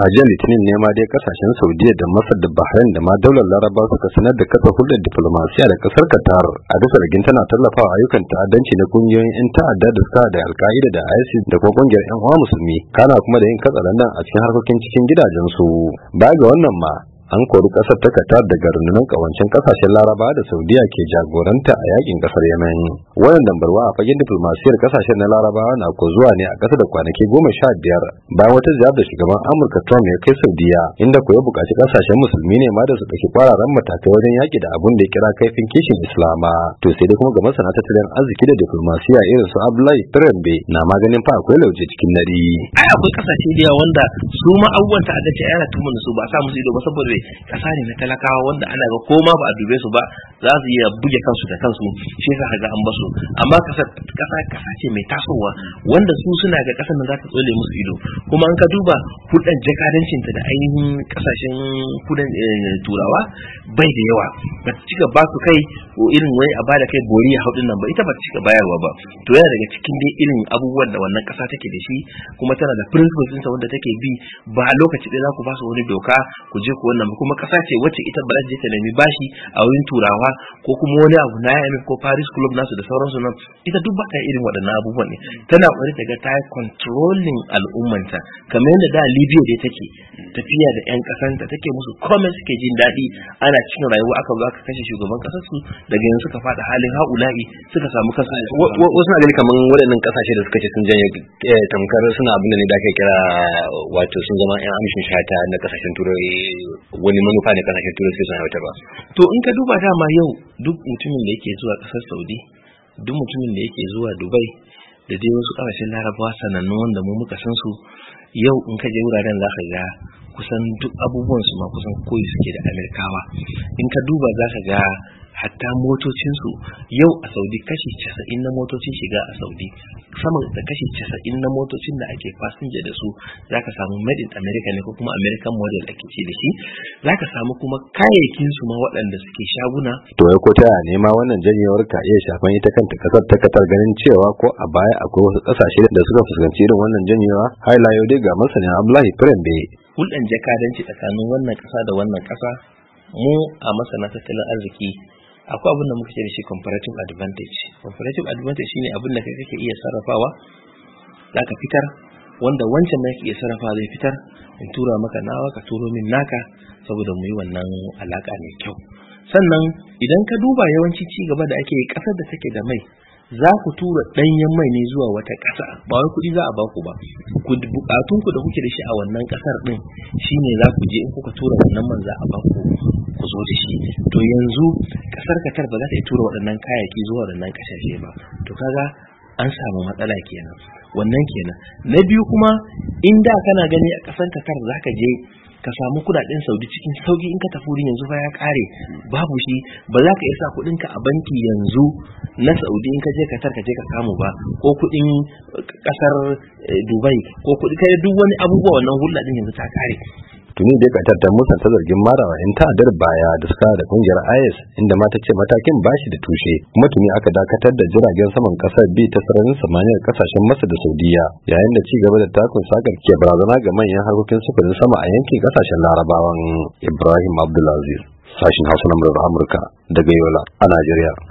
a jiya litinin ne ma dai kasashen saudiya da masar da bahrain da ma daular laraba suka sanar da kasa hulɗar diplomasiya da kasar qatar a bisa rigin tana tallafawa ayyukan ta'addanci na kungiyoyin yan ta'adda da suka da alka'ida da isis da kuma kungiyar yan uwa musulmi kana kuma da yin katsalandan a cikin harkokin cikin gidajensu baya ga wannan ma an kori kasar ta Qatar daga rundunar kawancin kasashen Laraba da Saudiya ke jagoranta a yakin kasar Yemen. Wannan dambarwa a fagen diplomasiyar kasashen na Laraba na ko zuwa ne a ƙasa da kwanaki goma sha biyar bayan wata ziyarar da shugaban Amurka Trump ya kai Saudiya inda ko ya buƙaci kasashen musulmi ne ma da su ɗauki kwararan matakai wajen yaƙi da abun da ya kira kaifin kishin Islama. To sai dai kuma ga masana tattalin arziki da diplomasiya irin su Abdullahi Trembe na maganin fa akwai lauje cikin nari. Ai akwai kasashe da wanda su ma abubuwan a su ba sa musu ido ba saboda kasa ne na talakawa wanda ana ga koma ba a dube su ba za su iya buge kansu da kansu shi yasa ga an basu amma kasa kasa ce mai tasowa wanda su suna ga kasar nan za ta tsole musu ido kuma an ka duba hudan jakadancin ta da ainihin kasashen kudan eh, turawa bai da yawa ba ta cika ba su kai irin wani a bada kai bori a hudun nan ba ita ba ta cika bayarwa ba to yana daga cikin dai irin abubuwan da wannan kasa take da shi kuma tana da principles ɗinsa wanda take bi ba lokaci ɗaya za ku ba su wani doka ku je ku wannan nemi kuma kasa ce wacce ita ba za ta nemi bashi a wurin turawa ko kuma wani abu na IMF ko Paris Club nasu da sauransu nan ita duk ba ta irin waɗannan abubuwan ne tana ƙoƙari ta ga ta controlling al'ummanta kamar yadda da Libya dai take tafiya da 'yan ƙasanta take musu komai suke jin daɗi ana cikin rayuwa aka zo aka kashe shugaban ƙasarsu su daga yanzu suka faɗa halin haula'i suka samu kasa wasu na gani kamar waɗannan ƙasashe da suka ce sun janye eh, tamkar suna abin da ne da aka kira wato sun zama 'yan amshin shata na ƙasashen turai wani manufa ne kasashen turai sun son ba to in ka duba dama yau duk mutumin da yake zuwa kasar saudi duk mutumin da yake zuwa dubai da dai wasu kasashen larabawa sanannu wanda mu muka san su yau in ka je wuraren za ka ga kusan duk abubuwan su ma kusan koyi suke da amerikawa in ka duba za ka ga hatta motocinsu yau a saudi kashi 90 na motocin shiga a saudi sama da kashi 90 na motocin da ake fasinja da su zaka samu made in america ne ko kuma american model ake ce da shi zaka samu kuma kayayyakin su ma waɗanda suke shaguna to ya ko taya ne ma wannan janyewar ka iya shafan ita kanta kasar ta katar ganin cewa ko a baya akwai wasu kasashe da suka fuskanci irin wannan janyewa har yau dai ga masanin abdullahi bai hulɗan jakadanci tsakanin wannan ƙasa da wannan ƙasa mu a masana tattalin arziki akwai abin da muka ce da shi comparative advantage comparative advantage shine abin da kai kake iya sarrafawa za ka fitar wanda wancan mai iya sarrafa zai fitar in tura maka nawa ka turo min naka saboda mu yi wannan alaka ne kyau sannan idan ka duba yawanci ci gaba da ake kasar da take da mai za ku tura ɗanyen mai ne zuwa wata ƙasa ba wai kuɗi za a ba ku ba bukatun ku da kuke da shi a wannan ƙasar ɗin shine za ku je in kuka tura wannan man za a ba ku ku zo da shi to yanzu kasar Qatar ba za ta tura waɗannan kayayyaki zuwa waɗannan kasashe ba to kaga an samu matsala kenan wannan kenan na biyu kuma in da kana gani a kasar Qatar ka je ka samu kudaden saudi cikin sauki in ka tafi wurin yanzu ba ya kare babu shi ba za ka iya sa kudin ka a banki yanzu na saudi in ka je katar ka je ka samu ba ko kudin kasar eh, dubai ko kudi kai duk wani abubuwa wannan hulɗa din yanzu ta kare tuni da katar ta musanta zargin marawa in ta'addar baya da suka da kungiyar IS inda ma ta ce matakin bashi da tushe kuma tuni aka dakatar da jiragen saman kasar bi ta sararin samaniyar kasashen masa da Saudiya yayin da ci gaba da takun sakar ke barazana ga manyan harkokin sufurin sama a yankin kasashen Larabawan Ibrahim Abdulaziz sashin Hausa na Amurka daga Yola a Najeriya